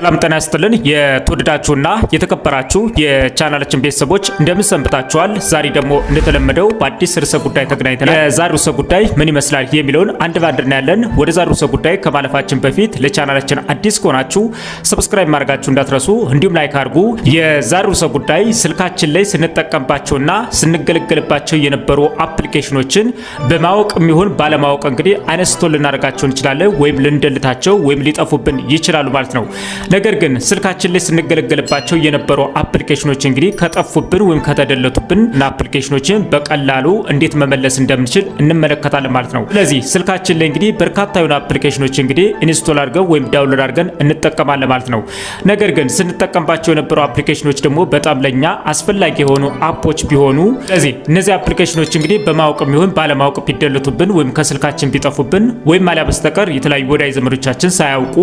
ሰላም ጤና ያስጥልን። የተወደዳችሁና የተከበራችሁ የቻናላችን ቤተሰቦች እንደምንሰንብታችኋል። ዛሬ ደግሞ እንደተለመደው በአዲስ ርዕሰ ጉዳይ ተገናኝተናል። የዛሬው ርዕሰ ጉዳይ ምን ይመስላል የሚለውን አንድ ባንድ እናያለን። ወደ ዛሬው ርዕሰ ጉዳይ ከማለፋችን በፊት ለቻናላችን አዲስ ከሆናችሁ ሰብስክራይብ ማድረጋችሁ እንዳትረሱ፣ እንዲሁም ላይክ አድርጉ። የዛሬው ርዕሰ ጉዳይ ስልካችን ላይ ስንጠቀምባቸውና ስንገለገልባቸው የነበሩ አፕሊኬሽኖችን በማወቅ የሚሆን ባለማወቅ እንግዲህ አነስቶ ልናደርጋቸው እንችላለን፣ ወይም ልንደልታቸው ወይም ሊጠፉብን ይችላሉ ማለት ነው። ነገር ግን ስልካችን ላይ ስንገለገልባቸው የነበሩ አፕሊኬሽኖች እንግዲህ ከጠፉብን ወይም ከተደለቱብን እና አፕሊኬሽኖችን በቀላሉ እንዴት መመለስ እንደምንችል እንመለከታለን ማለት ነው። ስለዚህ ስልካችን ላይ እንግዲህ በርካታ የሆኑ አፕሊኬሽኖች እንግዲህ ኢንስቶል አድርገን ወይም ዳውንሎድ አድርገን እንጠቀማለን ማለት ነው። ነገር ግን ስንጠቀምባቸው የነበሩ አፕሊኬሽኖች ደግሞ በጣም ለኛ አስፈላጊ የሆኑ አፖች ቢሆኑ ስለዚህ እነዚህ አፕሊኬሽኖች እንግዲህ በማወቅ የሚሆን ባለማወቅ ቢደለቱብን ወይም ከስልካችን ቢጠፉብን ወይም አሊያ በስተቀር የተለያዩ ወዳጅ ዘመዶቻችን ሳያውቁ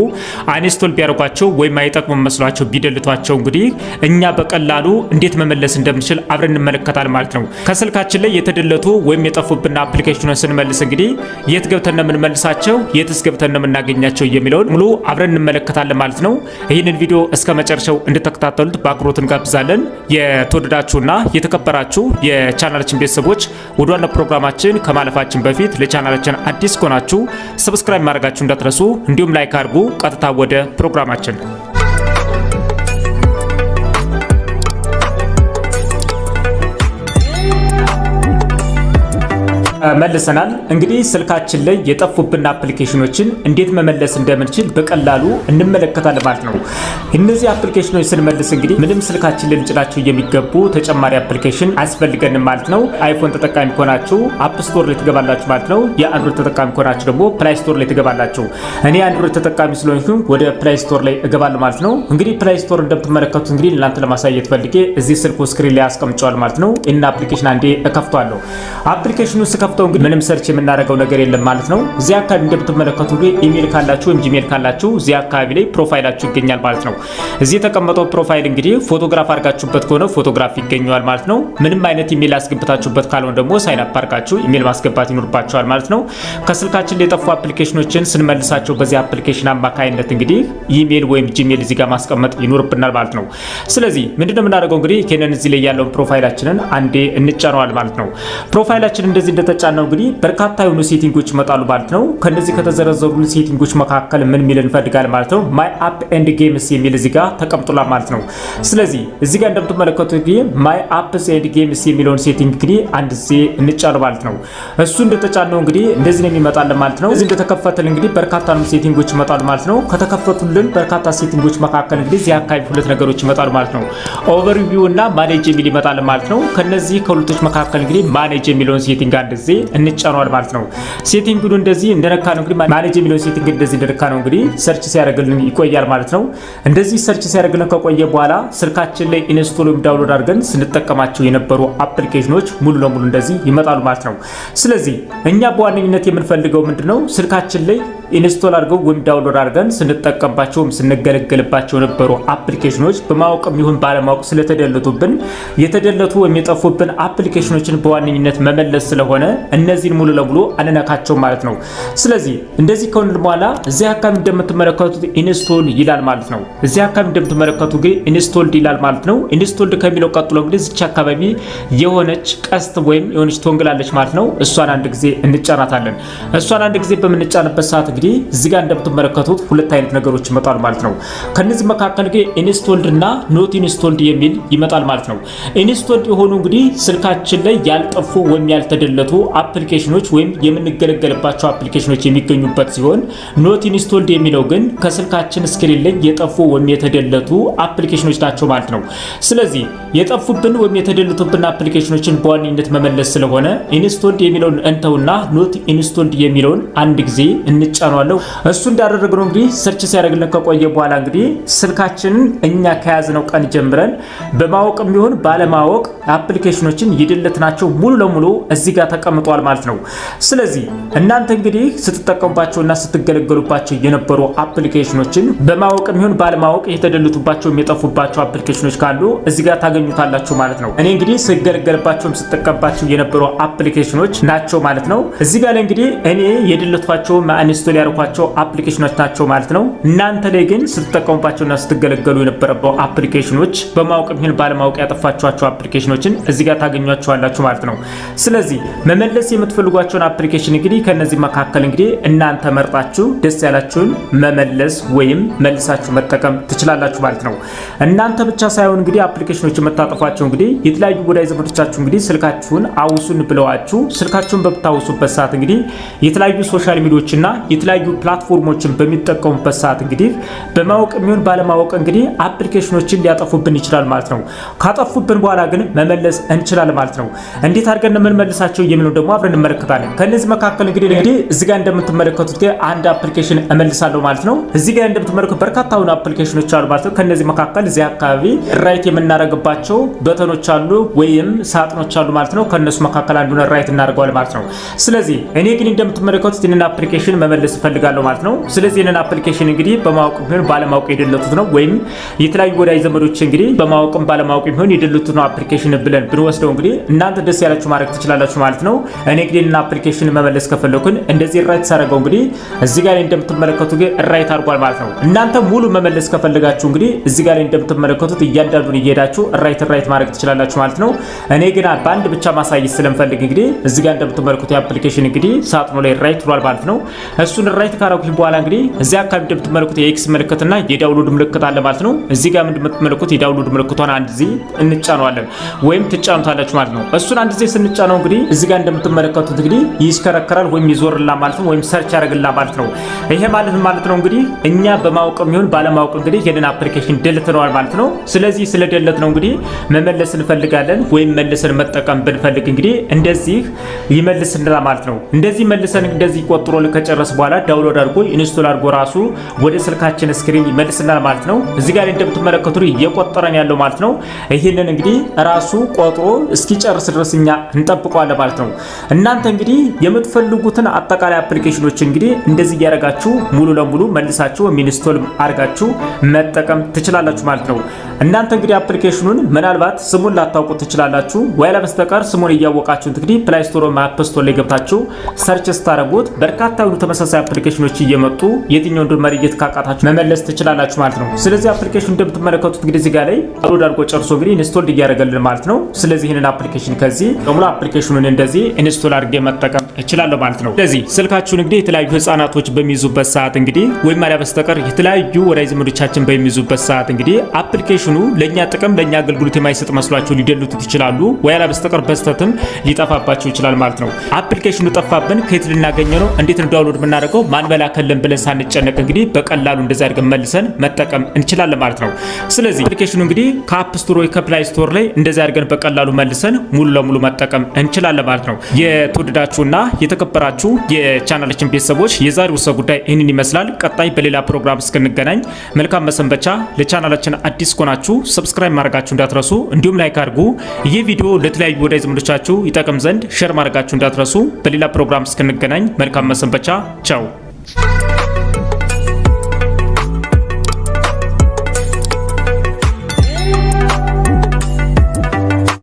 አንስቶል ቢያደርጓቸው ወይም አይጠቅሙም መስሏቸው ቢደልቷቸው እንግዲህ እኛ በቀላሉ እንዴት መመለስ እንደምንችል አብረን እንመለከታል ማለት ነው። ከስልካችን ላይ የተደለቱ ወይም የጠፉብን አፕሊኬሽኖች ስንመልስ እንግዲህ የት ገብተን ነው የምንመልሳቸው፣ የትስ ገብተን ነው የምናገኛቸው የሚለውን ሙሉ አብረን እንመለከታለን ማለት ነው። ይህንን ቪዲዮ እስከ መጨረሻው እንድትከታተሉት በአክብሮት እንጋብዛለን። የተወደዳችሁና የተከበራችሁ የቻናላችን ቤተሰቦች ወደ ዋና ፕሮግራማችን ከማለፋችን በፊት ለቻናላችን አዲስ ከሆናችሁ ሰብስክራይብ ማድረጋችሁ እንዳትረሱ፣ እንዲሁም ላይክ አድርጉ። ቀጥታ ወደ ፕሮግራማችን መልሰናል። እንግዲህ ስልካችን ላይ የጠፉብን አፕሊኬሽኖችን እንዴት መመለስ እንደምንችል በቀላሉ እንመለከታለን ማለት ነው። እነዚህ አፕሊኬሽኖች ስንመልስ እንግዲህ ምንም ስልካችን ላይ ልንጭናቸው የሚገቡ ተጨማሪ አፕሊኬሽን አያስፈልገንም ማለት ነው። አይፎን ተጠቃሚ ከሆናችሁ አፕ ስቶር ላይ ትገባላችሁ ማለት ነው። የአንድሮይድ ተጠቃሚ ከሆናችሁ ደግሞ ፕላይ ስቶር ላይ ትገባላችሁ። እኔ አንድሮይድ ተጠቃሚ ስለሆንኩኝ ወደ ፕላይ ስቶር ላይ እገባለሁ ማለት ነው። እንግዲህ ፕላይ ስቶር እንደምትመለከቱት እንግዲህ እናንተ ለማሳየት ፈልጌ እዚህ ስልኩ ስክሪን ላይ አስቀምጨዋል ማለት ነው። እና አፕሊኬሽን አንዴ እከፍቷለሁ። አፕሊኬሽኑ ስከፍ ስንከፍተው እንግዲህ ምንም ሰርች የምናደርገው ነገር የለም ማለት ነው። እዚህ አካባቢ እንደምትመለከቱ ኢሜል ካላችሁ ወይም ጂሜል ካላችሁ እዚህ አካባቢ ላይ ፕሮፋይላችሁ ይገኛል ማለት ነው። እዚህ የተቀመጠው ፕሮፋይል እንግዲህ ፎቶግራፍ አድርጋችሁበት ከሆነ ፎቶግራፍ ይገኘዋል ማለት ነው። ምንም አይነት ኢሜል ያስገብታችሁበት ካልሆነ ደግሞ ሳይንፕ አፕ አድርጋችሁ ኢሜል ማስገባት ይኖርባቸዋል ማለት ነው። ከስልካችን ላይ የጠፉ አፕሊኬሽኖችን ስንመልሳቸው በዚህ አፕሊኬሽን አማካኝነት እንግዲህ ኢሜል ወይም ጂሜል እዚህ ጋር ማስቀመጥ ይኖርብናል ማለት ነው። ስለዚህ ምንድነው የምናደርገው እንግዲህ ኬንን እዚህ ላይ ያለውን ፕሮፋይላችንን አንዴ እንጫነዋል ማለት ነው። ፕሮፋይላችን እንደዚህ እንደተጫ ጫን ነው እንግዲህ በርካታ የሆኑ ሴቲንጎች ይመጣሉ ማለት ነው። ከነዚህ ከተዘረዘሩ ሴቲንጎች መካከል ምን ሚል እንፈልጋል ማለት ነው። ማይ አፕ ኤንድ ጌምስ የሚል እዚህ ጋር ተቀምጧል ማለት ነው። ስለዚህ እዚህ ጋር እንደምትመለከቱት እንግዲህ ማይ አፕስ ኤንድ ጌምስ የሚለውን ሴቲንግ እንግዲህ አንድ ዜ እንጫሉ ማለት ነው። እሱ እንደተጫነው እንግዲህ እንደዚህ ነው የሚመጣልን ማለት ነው። እዚህ እንደተከፈተል እንግዲህ በርካታ ሴቲንጎች ይመጣሉ ማለት ነው። ከተከፈቱልን በርካታ ሴቲንጎች መካከል እንግዲህ እዚህ አካባቢ ሁለት ነገሮች ይመጣሉ ማለት ነው። ኦቨርቪው እና ማኔጅ የሚል ይመጣል ማለት ነው። ከነዚህ ከሁለቶች መካከል እንግዲህ ማኔጅ የሚለውን ሴቲንግ አንድ ዜ እንግዲህ እንጫነዋል ማለት ነው። ሴቲንግ እንደዚህ እንደነካ ነው እንግዲህ ማኔጅ የሚለው ሴቲንግ እንደዚህ እንደነካ ነው እንግዲህ ሰርች ሲያደርግልን ይቆያል ማለት ነው። እንደዚህ ሰርች ሲያደርግልን ከቆየ በኋላ ስልካችን ላይ ኢንስቶል ወይም ዳውንሎድ አድርገን ስንጠቀማቸው የነበሩ አፕሊኬሽኖች ሙሉ ለሙሉ እንደዚህ ይመጣሉ ማለት ነው። ስለዚህ እኛ በዋነኝነት የምንፈልገው ምንድነው ስልካችን ላይ ኢንስቶል አድርገው ወይም ዳውንሎድ አድርገን ስንጠቀምባቸውም ስንገለገልባቸው ነበሩ አፕሊኬሽኖች በማወቅም ይሁን ባለማወቅ ስለተደለቱብን የተደለቱ ወይም የጠፉብን አፕሊኬሽኖችን በዋነኝነት መመለስ ስለሆነ እነዚህን ሙሉ ለሙሉ አንነካቸው ማለት ነው። ስለዚህ እንደዚህ ከሆነ በኋላ እዚህ አካባቢ እንደምትመለከቱት ኢንስቶል ይላል ማለት ነው። እዚህ አካባቢ እንደምትመለከቱ ግን ኢንስቶልድ ይላል ማለት ነው። ኢንስቶልድ ከሚለው ቀጥሎ እንግዲህ እዚች አካባቢ የሆነች ቀስት ወይም የሆነች ቶንግላለች ማለት ነው። እሷን አንድ ጊዜ እንጫናታለን። እሷን አንድ ጊዜ በምንጫንበት ሰዓት እንግዲህ እዚህ ጋር እንደምትመለከቱት ሁለት አይነት ነገሮች ይመጣል ማለት ነው። ከነዚህ መካከል ግን ኢንስቶልድ እና ኖት ኢንስቶልድ የሚል ይመጣል ማለት ነው። ኢንስቶልድ የሆኑ እንግዲህ ስልካችን ላይ ያልጠፉ ወይም ያልተደለቱ አፕሊኬሽኖች ወይም የምንገለገልባቸው አፕሊኬሽኖች የሚገኙበት ሲሆን ኖት ኢንስቶልድ የሚለው ግን ከስልካችን ስክሪን ላይ የጠፉ ወይም የተደለቱ አፕሊኬሽኖች ናቸው ማለት ነው። ስለዚህ የጠፉብን ወይም የተደለቱብን አፕሊኬሽኖችን በዋነኝነት መመለስ ስለሆነ ኢንስቶልድ የሚለውን እንተውና ኖት ኢንስቶልድ የሚለውን አንድ ጊዜ እንጫኗለሁ። እሱ እንዳደረግነው እንግዲህ ሰርች ሲያደርግልን ከቆየ በኋላ እንግዲህ ስልካችንን እኛ ከያዝነው ቀን ጀምረን በማወቅም ቢሆን ባለማወቅ አፕሊኬሽኖችን ናቸው ሙሉ ለሙሉ እዚህ ጋር ተቀምጧል ማለት ነው። ስለዚህ እናንተ እንግዲህ ስትጠቀሙባቸውና ስትገለገሉባቸው የነበሩ አፕሊኬሽኖችን በማወቅም ቢሆን ባለማወቅ የተደለቱባቸው የጠፉባቸው አፕሊኬሽኖች ካሉ እዚህ ጋር ታገኙ ታገኙታላችሁ ማለት ነው። እኔ እንግዲህ ስገለገልባቸውም ስጠቀምባቸው የነበሩ አፕሊኬሽኖች ናቸው ማለት ነው። እዚህ ጋር እንግዲህ እኔ የድልቷቸው ኢንስቶል ያደረኳቸው አፕሊኬሽኖች ናቸው ማለት ነው። እናንተ ላይ ግን ስትጠቀሙባቸውና ስትገለገሉ የነበረባው አፕሊኬሽኖች በማወቅ ይሁን ባለማወቅ ያጠፋችኋቸው አፕሊኬሽኖችን እዚህ ጋር ታገኟቸዋላችሁ ማለት ነው። ስለዚህ መመለስ የምትፈልጓቸውን አፕሊኬሽን እንግዲህ ከነዚህ መካከል እንግዲህ እናንተ መርጣችሁ ደስ ያላችሁን መመለስ ወይም መልሳችሁ መጠቀም ትችላላችሁ ማለት ነው። እናንተ ብቻ ሳይሆን እንግዲህ አፕሊኬሽኖች ስለምታጠፏቸው እንግዲህ የተለያዩ ወዳጅ ዘመዶቻችሁ እንግዲህ ስልካችሁን አውሱን ብለዋችሁ ስልካችሁን በምታውሱበት ሰዓት እንግዲህ የተለያዩ ሶሻል ሚዲያዎችና የተለያዩ ፕላትፎርሞችን በሚጠቀሙበት ሰዓት እንግዲህ በማወቅ የሚሆን ባለማወቅ እንግዲህ አፕሊኬሽኖችን ሊያጠፉብን ይችላል ማለት ነው። ካጠፉብን በኋላ ግን መመለስ እንችላለን ማለት ነው። እንዴት አድርገን የምንመልሳቸው የሚለው ደግሞ አብረን እንመለከታለን። ከነዚህ መካከል እንግዲህ እንግዲህ እዚህ ጋር እንደምትመለከቱት አንድ አፕሊኬሽን እመልሳለሁ ማለት ነው። እዚህ ጋር እንደምትመለከቱት አሁን አፕሊኬሽኖች አሉ ማለት ነው። ከነዚህ መካከል እዚህ አካባቢ ራይት የምናደርግባቸው የምንላቸው በተኖች አሉ ወይም ሳጥኖች አሉ ማለት ነው። ከእነሱ መካከል አንዱን ራይት እናደርገዋል ማለት ነው። ስለዚህ እኔ ግን እንደምትመለከቱት ይህንን አፕሊኬሽን መመለስ እፈልጋለሁ ማለት ነው። ስለዚህ ይህንን አፕሊኬሽን እንግዲህ በማወቅ ቢሆን ባለማወቅ የደለቱት ነው ወይም የተለያዩ ወዳጅ ዘመዶች እንግዲህ በማወቅም ባለማወቅ ቢሆን የደለቱት ነው አፕሊኬሽን ብለን ብንወስደው እንግዲህ እናንተ ደስ ያላችሁ ማድረግ ትችላላችሁ ማለት ነው። እኔ ግን ይህንን አፕሊኬሽን መመለስ ከፈለኩን እንደዚህ ራይት ሳደርገው እንግዲህ እዚህ ጋር እንደምትመለከቱ ግን ራይት አድርጓል ማለት ነው። እናንተ ሙሉ መመለስ ከፈለጋችሁ እንግዲህ እዚህ ጋር እንደምትመለከቱት እያንዳንዱን እየሄዳችሁ ራይት ራይትን ራይት ማድረግ ትችላላችሁ ማለት ነው። እኔ ግን በአንድ ብቻ ማሳየት ስለምፈልግ እንግዲህ እዚህ ጋር እንደምትመለከቱ የአፕሊኬሽን እንግዲህ ሳጥኑ ላይ ራይት ብሏል ማለት ነው። እሱን ራይት ካረኩኝ በኋላ እንግዲህ እዚህ አካባቢ እንደምትመለከቱ የኤክስ ምልክትና የዳውንሎድ ምልክት አለ ማለት ነው። እዚህ ጋር እንደምትመለከቱ የዳውንሎድ ምልክቷን አንድ ጊዜ እንጫነዋለን ወይም ትጫኑታላችሁ ማለት ነው። እሱን አንድ ጊዜ ስንጫነው እንግዲህ እዚህ ጋር እንደምትመለከቱት እንግዲህ ይሽከረከራል ወይም ይዞርላ ማለት ነው። ወይም ሰርች ያደርግላ ማለት ነው። ይሄ ማለት ማለት ነው እንግዲህ እኛ በማወቅ የሚሆን ባለማወቅ እንግዲህ ይሄንን አፕሊኬሽን ደልተነዋል ማለት ነው። ስለዚህ ስለደለት ነው እንግዲህ መመለስ እንፈልጋለን ወይም መልሰን መጠቀም ብንፈልግ እንግዲህ እንደዚህ ይመልስልናል ማለት ነው። እንደዚህ መልሰን እንደዚህ ቆጥሮ ከጨረስ በኋላ ዳውንሎድ አድርጎ ኢንስቶል አድርጎ ራሱ ወደ ስልካችን ስክሪን ይመልስልናል ማለት ነው። እዚህ ጋር እንደምትመለከቱ እየቆጠረን ያለው ማለት ነው። ይህንን እንግዲህ ራሱ ቆጥሮ እስኪጨርስ ድረስ እኛ እንጠብቀዋለን ማለት ነው። እናንተ እንግዲህ የምትፈልጉትን አጠቃላይ አፕሊኬሽኖች እንግዲህ እንደዚህ እያደረጋችሁ ሙሉ ለሙሉ መልሳችሁ ኢንስቶል አድርጋችሁ መጠቀም ትችላላችሁ ማለት ነው። እናንተ እንግዲህ አፕሊኬሽኑን ምናልባት ስሙን ላታውቁ ትችላላችሁ ወይ ለበስተቀር ስሙን እያወቃችሁ እንግዲህ ፕላይ ስቶር አፕ ስቶር ላይ ገብታችሁ ሰርች ስታደርጉት በርካታ ሁሉ ተመሳሳይ አፕሊኬሽኖች እየመጡ የትኛውን ድር መለየት ካቃታችሁ መመለስ ትችላላችሁ ማለት ነው። ስለዚህ አፕሊኬሽን እንደምትመለከቱት እንግዲህ እዚህ ጋር ላይ አብሮ ዳርጎ ጨርሶ እንግዲህ ኢንስቶል እያደረገልን ማለት ነው። ስለዚህ ይህንን አፕሊኬሽን ከዚህ በሙሉ አፕሊኬሽኑን እንደዚህ ኢንስቶል አድርጌ መጠቀም እችላለሁ ማለት ነው። ስለዚህ ስልካችሁን እንግዲህ የተለያዩ ህጻናቶች በሚይዙበት ሰዓት እንግዲህ ወይም አሊያ በስተቀር የተለያዩ ወዳጅ ዘመዶቻችን በሚይዙበት ሰዓት እንግዲህ አፕሊኬሽኑ ለእኛ ጥቅም ለእኛ አገልግሎት የማይሰጥ መስሏቸው ሊደሉት ይችላሉ፣ ወይ አሊያ በስተቀር በስተትም ሊጠፋባቸው ይችላል ማለት ነው። አፕሊኬሽኑ ጠፋብን፣ ከየት ልናገኘ ነው? እንዴት ነው ዳውንሎድ የምናደርገው? ማን በላከልን ብለን ሳንጨነቅ እንግዲህ በቀላሉ እንደዛ አድርገን መልሰን መጠቀም እንችላለን ማለት ነው። ስለዚህ አፕሊኬሽኑ እንግዲህ ከአፕ ስቶር ወይ ከፕላይ ስቶር ላይ እንደዛ አድርገን በቀላሉ መልሰን ሙሉ ለሙሉ መጠቀም እንችላለን ማለት ነው። የተወደዳችሁና የተከበራችሁ የቻናላችን ቤተሰቦች የዛሬው ሰው ጉዳይ ይህንን ይመስላል። ቀጣይ በሌላ ፕሮግራም እስክንገናኝ መልካም መሰንበቻ። ለቻናላችን አዲስ ከሆናችሁ ሰብስክራይብ ማድረጋችሁ እንዳትረሱ፣ እንዲሁም ላይክ አድርጉ። ይህ ቪዲዮ ለተለያዩ ወዳጅ ዘመዶቻችሁ ይጠቅም ዘንድ ሼር ማድረጋችሁ እንዳትረሱ። በሌላ ፕሮግራም እስክንገናኝ መልካም መሰንበቻ። ቻው